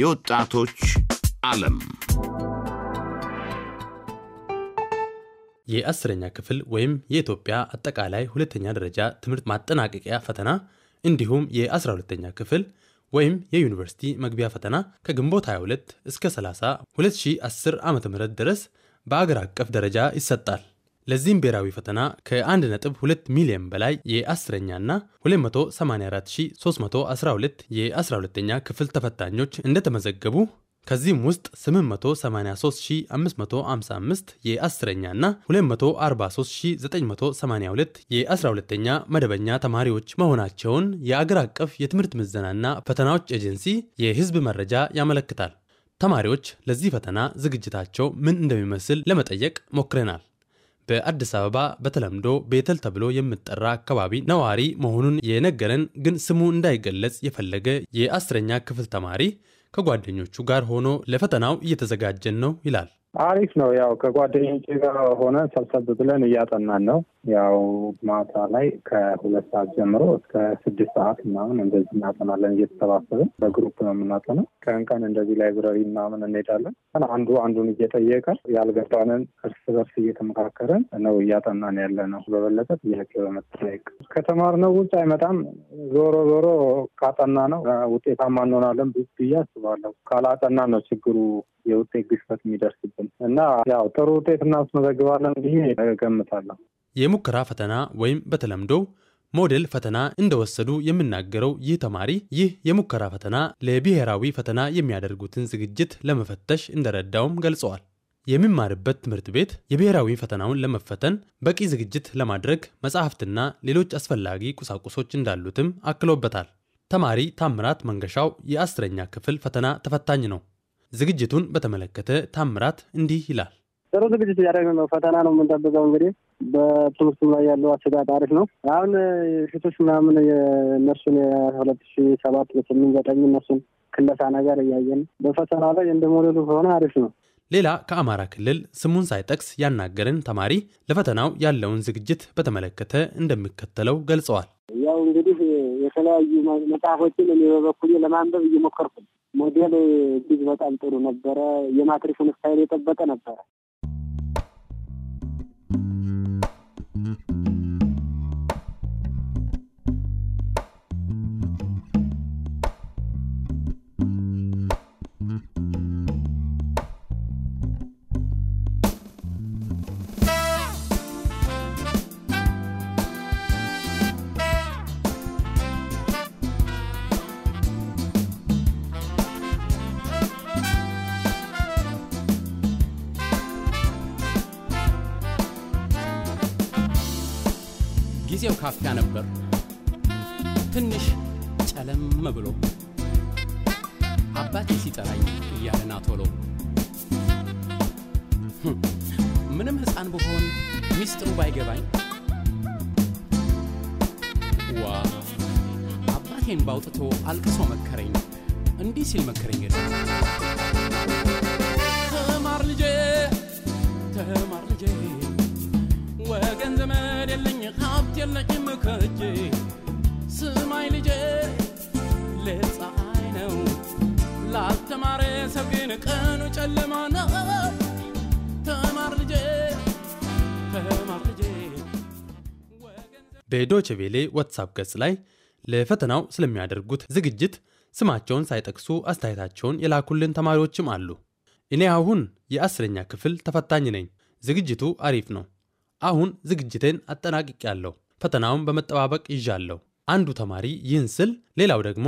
የወጣቶች ዓለም የአስረኛ ክፍል ወይም የኢትዮጵያ አጠቃላይ ሁለተኛ ደረጃ ትምህርት ማጠናቀቂያ ፈተና እንዲሁም የ12ተኛ ክፍል ወይም የዩኒቨርሲቲ መግቢያ ፈተና ከግንቦት 22 እስከ 30 2010 ም ድረስ በአገር አቀፍ ደረጃ ይሰጣል። ለዚህም ብሔራዊ ፈተና ከ1.2 ሚሊዮን በላይ የ10ኛና 284312 የ12ኛ ክፍል ተፈታኞች እንደተመዘገቡ ከዚህም ውስጥ 883555 የ 10 እና 243982 የ12ኛ መደበኛ ተማሪዎች መሆናቸውን የአገር አቀፍ የትምህርት ምዘናና ፈተናዎች ኤጀንሲ የሕዝብ መረጃ ያመለክታል። ተማሪዎች ለዚህ ፈተና ዝግጅታቸው ምን እንደሚመስል ለመጠየቅ ሞክረናል። በአዲስ አበባ በተለምዶ ቤተል ተብሎ የሚጠራ አካባቢ ነዋሪ መሆኑን የነገረን ግን ስሙ እንዳይገለጽ የፈለገ የአስረኛ ክፍል ተማሪ ከጓደኞቹ ጋር ሆኖ ለፈተናው እየተዘጋጀን ነው ይላል። አሪፍ ነው። ያው ከጓደኞች ጋር ሆነ ሰብሰብ ብለን እያጠናን ነው። ያው ማታ ላይ ከሁለት ሰዓት ጀምሮ እስከ ስድስት ሰዓት ምናምን እንደዚህ እናጠናለን እየተሰባሰብን በግሩፕ ነው የምናጠነው። ቀን ቀን እንደዚህ ላይብረሪ ምናምን እንሄዳለን። አንዱ አንዱን እየጠየቀ ያልገባንን እርስ በርስ እየተመካከረን ነው እያጠናን ያለ ነው። በበለጠ ጥያቄ በመጠያየቅ ከተማርነው ውጭ አይመጣም። ዞሮ ዞሮ ካጠና ነው ውጤታማ እንሆናለን ብዬ አስባለሁ። ካላጠና ነው ችግሩ የውጤት ግሽበት የሚደርስብን እና ያው ጥሩ ውጤት እናስመዘግባለን ብዬ እገምታለሁ። የሙከራ ፈተና ወይም በተለምዶ ሞዴል ፈተና እንደወሰዱ የምናገረው ይህ ተማሪ ይህ የሙከራ ፈተና ለብሔራዊ ፈተና የሚያደርጉትን ዝግጅት ለመፈተሽ እንደረዳውም ገልጸዋል። የሚማርበት ትምህርት ቤት የብሔራዊ ፈተናውን ለመፈተን በቂ ዝግጅት ለማድረግ መጽሐፍትና ሌሎች አስፈላጊ ቁሳቁሶች እንዳሉትም አክሎበታል። ተማሪ ታምራት መንገሻው የአስረኛ ክፍል ፈተና ተፈታኝ ነው። ዝግጅቱን በተመለከተ ታምራት እንዲህ ይላል። ጥሩ ዝግጅት እያደረግን ነው። ፈተና ነው የምንጠብቀው። እንግዲህ በትምህርቱም ላይ ያለው አሰጣጥ አሪፍ ነው። አሁን ፊቶች ምናምን የእነሱን የሁለት ሺ ሰባት ስምንት ዘጠኝ እነሱን ክለሳ ነገር እያየን በፈተና ላይ እንደ ሞዴሉ ከሆነ አሪፍ ነው። ሌላ ከአማራ ክልል ስሙን ሳይጠቅስ ያናገርን ተማሪ ለፈተናው ያለውን ዝግጅት በተመለከተ እንደሚከተለው ገልጸዋል። ያው እንግዲህ የተለያዩ መጽሐፎችን እኔ በበኩሌ ለማንበብ እየሞከርኩ ሞዴል እጅግ በጣም ጥሩ ነበረ። የማትሪኩን ስታይል የጠበቀ ነበረ። ጊዜው ካፊያ ነበር ትንሽ ጨለም ብሎ አባቴ ሲጠራኝ እያለና ቶሎ ምንም ሕፃን ብሆን ሚስጥሩ ባይገባኝ ዋ አባቴን ባውጥቶ አልቅሶ መከረኝ እንዲህ ሲል መከረኝ ገ ተማር ልጄ ተማር ልጄ ወገን ዘመድ የለኝ ሀብት የለችም ከእጄ ስማይ ልጄ ለፀሐይ ነው ላልተማረ ሰው ግን ቀኑ ጨለማ ነው። ተማር ልጄ ተማር ልጄ። በዶይቼ ቬለ ዋትሳፕ ገጽ ላይ ለፈተናው ስለሚያደርጉት ዝግጅት ስማቸውን ሳይጠቅሱ አስተያየታቸውን የላኩልን ተማሪዎችም አሉ። እኔ አሁን የአስረኛ ክፍል ተፈታኝ ነኝ። ዝግጅቱ አሪፍ ነው። አሁን ዝግጅቴን አጠናቅቄያለሁ። ፈተናውን በመጠባበቅ ይዣለሁ። አንዱ ተማሪ ይህን ስል፣ ሌላው ደግሞ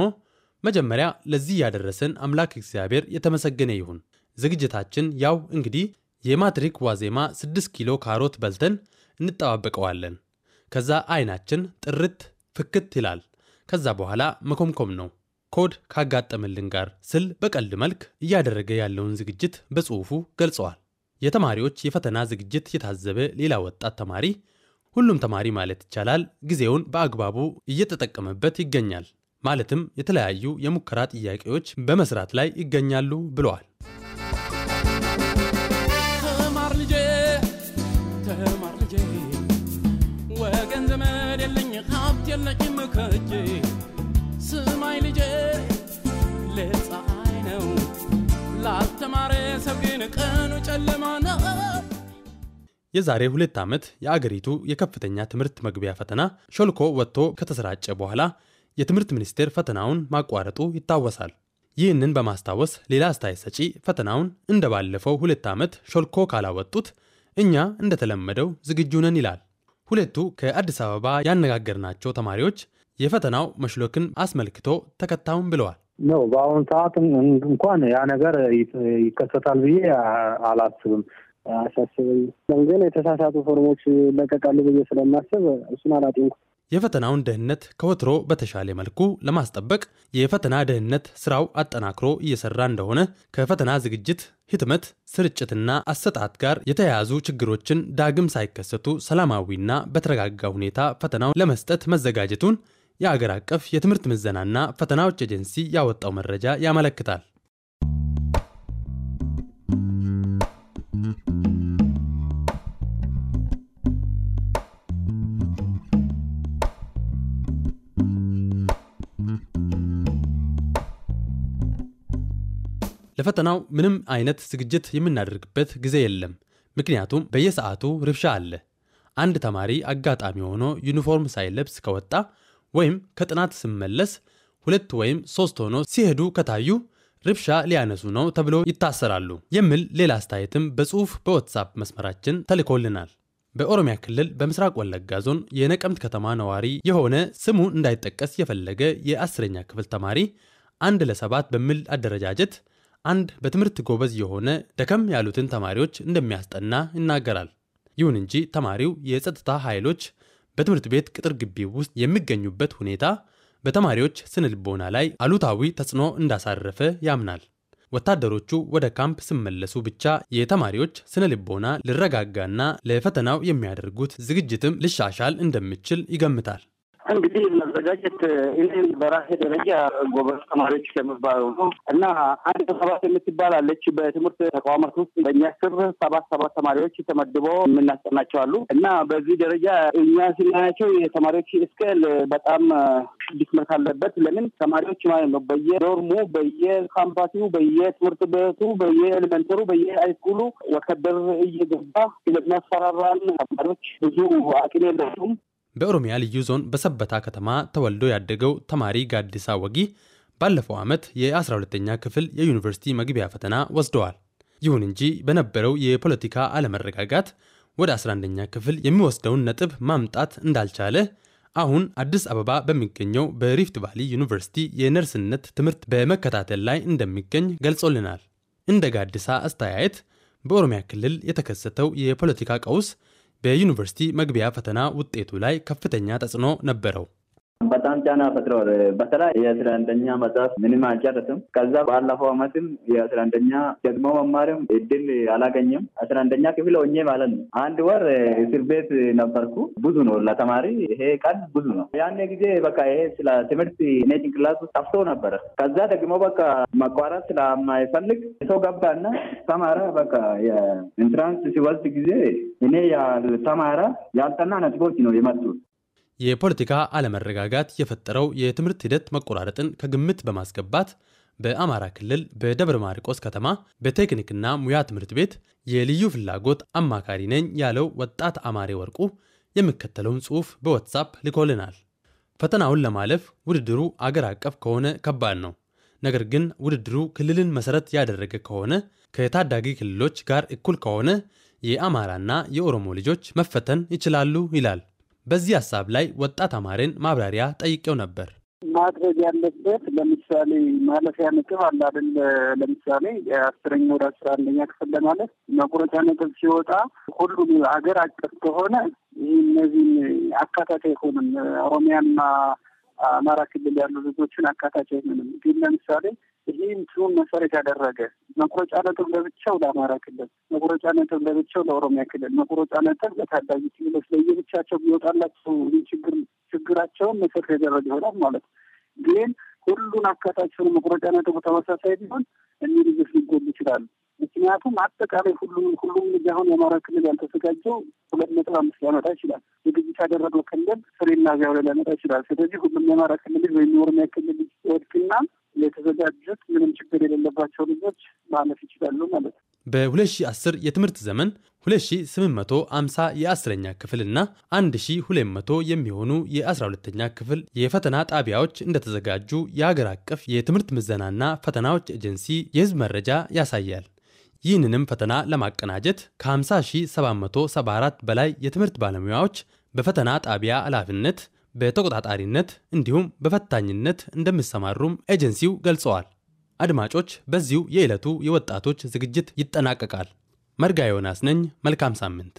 መጀመሪያ ለዚህ ያደረሰን አምላክ እግዚአብሔር የተመሰገነ ይሁን። ዝግጅታችን ያው እንግዲህ የማትሪክ ዋዜማ 6 ኪሎ ካሮት በልተን እንጠባበቀዋለን። ከዛ አይናችን ጥርት ፍክት ይላል። ከዛ በኋላ መኮምኮም ነው። ኮድ ካጋጠመልን ጋር ስል በቀልድ መልክ እያደረገ ያለውን ዝግጅት በጽሑፉ ገልጸዋል። የተማሪዎች የፈተና ዝግጅት የታዘበ ሌላ ወጣት ተማሪ ሁሉም ተማሪ ማለት ይቻላል ጊዜውን በአግባቡ እየተጠቀመበት ይገኛል። ማለትም የተለያዩ የሙከራ ጥያቄዎች በመስራት ላይ ይገኛሉ ብለዋል። ተማር ለፀሐይ ነው ላልተማረ ሰው ግን ቀኑ ጨለማ የዛሬ ሁለት ዓመት የአገሪቱ የከፍተኛ ትምህርት መግቢያ ፈተና ሾልኮ ወጥቶ ከተሰራጨ በኋላ የትምህርት ሚኒስቴር ፈተናውን ማቋረጡ ይታወሳል። ይህንን በማስታወስ ሌላ አስተያየት ሰጪ ፈተናውን እንደ ባለፈው ሁለት ዓመት ሾልኮ ካላወጡት እኛ እንደተለመደው ዝግጁ ነን ይላል። ሁለቱ ከአዲስ አበባ ያነጋገርናቸው ተማሪዎች የፈተናው መሽሎክን አስመልክቶ ተከታዩም ብለዋል። ነው በአሁኑ ሰዓት እንኳን ያ ነገር ይከሰታል ብዬ አላስብም። አሳስበኝ ግን የተሳሳቱ ፎርሞች ይለቀቃሉ ብዬ ስለማስብ እሱን አላጤንኩ። የፈተናውን ደህንነት ከወትሮ በተሻለ መልኩ ለማስጠበቅ የፈተና ደህንነት ስራው አጠናክሮ እየሰራ እንደሆነ ከፈተና ዝግጅት ህትመት፣ ስርጭትና አሰጣት ጋር የተያያዙ ችግሮችን ዳግም ሳይከሰቱ ሰላማዊና በተረጋጋ ሁኔታ ፈተናውን ለመስጠት መዘጋጀቱን የአገር አቀፍ የትምህርት ምዘናና ፈተናዎች ኤጀንሲ ያወጣው መረጃ ያመለክታል። ለፈተናው ምንም አይነት ዝግጅት የምናደርግበት ጊዜ የለም። ምክንያቱም በየሰዓቱ ርብሻ አለ። አንድ ተማሪ አጋጣሚ ሆኖ ዩኒፎርም ሳይለብስ ከወጣ ወይም ከጥናት ስመለስ ሁለት ወይም ሶስት ሆኖ ሲሄዱ ከታዩ ርብሻ ሊያነሱ ነው ተብሎ ይታሰራሉ የሚል ሌላ አስተያየትም በጽሁፍ በዋትሳፕ መስመራችን ተልኮልናል። በኦሮሚያ ክልል በምስራቅ ወለጋ ዞን የነቀምት ከተማ ነዋሪ የሆነ ስሙ እንዳይጠቀስ የፈለገ የአስረኛ ክፍል ተማሪ አንድ ለሰባት በሚል አደረጃጀት አንድ በትምህርት ጎበዝ የሆነ ደከም ያሉትን ተማሪዎች እንደሚያስጠና ይናገራል። ይሁን እንጂ ተማሪው የጸጥታ ኃይሎች በትምህርት ቤት ቅጥር ግቢ ውስጥ የሚገኙበት ሁኔታ በተማሪዎች ልቦና ላይ አሉታዊ ተጽዕኖ እንዳሳረፈ ያምናል። ወታደሮቹ ወደ ካምፕ ሲመለሱ ብቻ የተማሪዎች ስነ ልቦና ልረጋጋና ለፈተናው የሚያደርጉት ዝግጅትም ሊሻሻል እንደሚችል ይገምታል። እንግዲህ መዘጋጀት ይህን በራሴ ደረጃ ጎበዝ ተማሪዎች ከሚባሉ ነው እና አንድ ሰባት የምትባል አለች። በትምህርት ተቋማት ውስጥ በእኛ ስር ሰባት ሰባት ተማሪዎች ተመድቦ የምናስጠናቸው አሉ እና በዚህ ደረጃ እኛ ስናያቸው የተማሪዎች እስኬል በጣም ድክመት አለበት። ለምን ተማሪዎች ማለት ነው በየዶርሙ፣ በየካምፓሲው፣ በየትምህርት ቤቱ፣ በየኤሌመንተሩ፣ በየሃይስኩሉ ወከደር እየገባ ስለሚያስፈራራን ተማሪዎች ብዙ አቅም የለውም። በኦሮሚያ ልዩ ዞን በሰበታ ከተማ ተወልዶ ያደገው ተማሪ ጋዲሳ ወጊ ባለፈው ዓመት የ12ኛ ክፍል የዩኒቨርሲቲ መግቢያ ፈተና ወስደዋል። ይሁን እንጂ በነበረው የፖለቲካ አለመረጋጋት ወደ 11ኛ ክፍል የሚወስደውን ነጥብ ማምጣት እንዳልቻለ አሁን አዲስ አበባ በሚገኘው በሪፍት ቫሊ ዩኒቨርሲቲ የነርስነት ትምህርት በመከታተል ላይ እንደሚገኝ ገልጾልናል። እንደ ጋዲሳ አስተያየት በኦሮሚያ ክልል የተከሰተው የፖለቲካ ቀውስ በዩኒቨርሲቲ መግቢያ ፈተና ውጤቱ ላይ ከፍተኛ ተጽዕኖ ነበረው። በጣም ጫና ፈጥሯል። በተለይ የአስራ አንደኛ መጽሐፍ ምንም አልጨረስም። ከዛ ባለፈው አመትም የአስራ አንደኛ ደግሞ መማርም እድል አላገኘም። አስራ አንደኛ ክፍል ሆኜ ማለት ነው አንድ ወር እስር ቤት ነበርኩ። ብዙ ነው ለተማሪ ይሄ ቀን ብዙ ነው። ያኔ ጊዜ በቃ ይሄ ስለ ትምህርት እኔ ጭንቅላት ውስጥ ጠፍቶ ነበረ። ከዛ ደግሞ በቃ መቋረጥ ስለማይፈልግ ሰው ገባ ገባና ተማረ። በቃ የኢንትራንስ ሲወስድ ጊዜ እኔ ያልተማረ ያልጠና ነጥቦች ነው የመጡት የፖለቲካ አለመረጋጋት የፈጠረው የትምህርት ሂደት መቆራረጥን ከግምት በማስገባት በአማራ ክልል በደብረ ማርቆስ ከተማ በቴክኒክና ሙያ ትምህርት ቤት የልዩ ፍላጎት አማካሪ ነኝ ያለው ወጣት አማሬ ወርቁ የሚከተለውን ጽሑፍ በዋትሳፕ ልኮልናል። ፈተናውን ለማለፍ ውድድሩ አገር አቀፍ ከሆነ ከባድ ነው። ነገር ግን ውድድሩ ክልልን መሰረት ያደረገ ከሆነ ከታዳጊ ክልሎች ጋር እኩል ከሆነ የአማራና የኦሮሞ ልጆች መፈተን ይችላሉ ይላል። በዚህ ሀሳብ ላይ ወጣት አማሬን ማብራሪያ ጠይቄው ነበር። ማድረግ ያለበት ለምሳሌ ማለፊያ ነጥብ አለ አይደል? ለምሳሌ አስረኛ ወደ አስራ አንደኛ ክፍል ለማለት መቁረጫ ነጥብ ሲወጣ ሁሉም ሀገር አቀፍ ከሆነ ይህ እነዚህን አካታች አይሆንም። ኦሮሚያና አማራ ክልል ያሉ ልጆችን አካታች አይሆንም። ግን ለምሳሌ ይህም ስሙን መሰረት ያደረገ መቁረጫ ነጥብ ለብቻው ለአማራ ክልል፣ መቁረጫ ነጥብ ለብቻው ለኦሮሚያ ክልል፣ መቁረጫ ነጥብ ለታዳጊ ክልሎች ለየብቻቸው ቢወጣላቸው ችግር ችግራቸውን መሰረት ያደረገ ይሆናል ማለት ነው። ግን ሁሉን አካታቸውን መቁረጫ ነጥቡ ተመሳሳይ ቢሆን እኒህ ልጆች ሊጎሉ ይችላሉ። ምክንያቱም አጠቃላይ ሁሉም ሁሉም ልጅ አሁን የአማራ ክልል ያልተዘጋጀው ሁለት ነጥብ አምስት ሊያመጣ ይችላል። ዝግጅት ያደረገው ክልል ፍሬና ዚያው ላይ ሊያመጣ ይችላል። ስለዚህ ሁሉም የአማራ ክልል ወይም የኦሮሚያ ክልል ልጅ ወድቅና የተዘጋጁት ምንም ችግር የሌለባቸው ልጆች ማለፍ ይችላሉ ማለት ነው። በ2010 የትምህርት ዘመን 2850 የአስረኛ ክፍልና 1200 የሚሆኑ የ12ተኛ ክፍል የፈተና ጣቢያዎች እንደተዘጋጁ የሀገር አቀፍ የትምህርት ምዘናና ፈተናዎች ኤጀንሲ የሕዝብ መረጃ ያሳያል። ይህንንም ፈተና ለማቀናጀት ከ50774 በላይ የትምህርት ባለሙያዎች በፈተና ጣቢያ ኃላፊነት በተቆጣጣሪነት እንዲሁም በፈታኝነት እንደሚሰማሩም ኤጀንሲው ገልጸዋል። አድማጮች፣ በዚሁ የዕለቱ የወጣቶች ዝግጅት ይጠናቀቃል። መርጋ ዮናስ ነኝ። መልካም ሳምንት።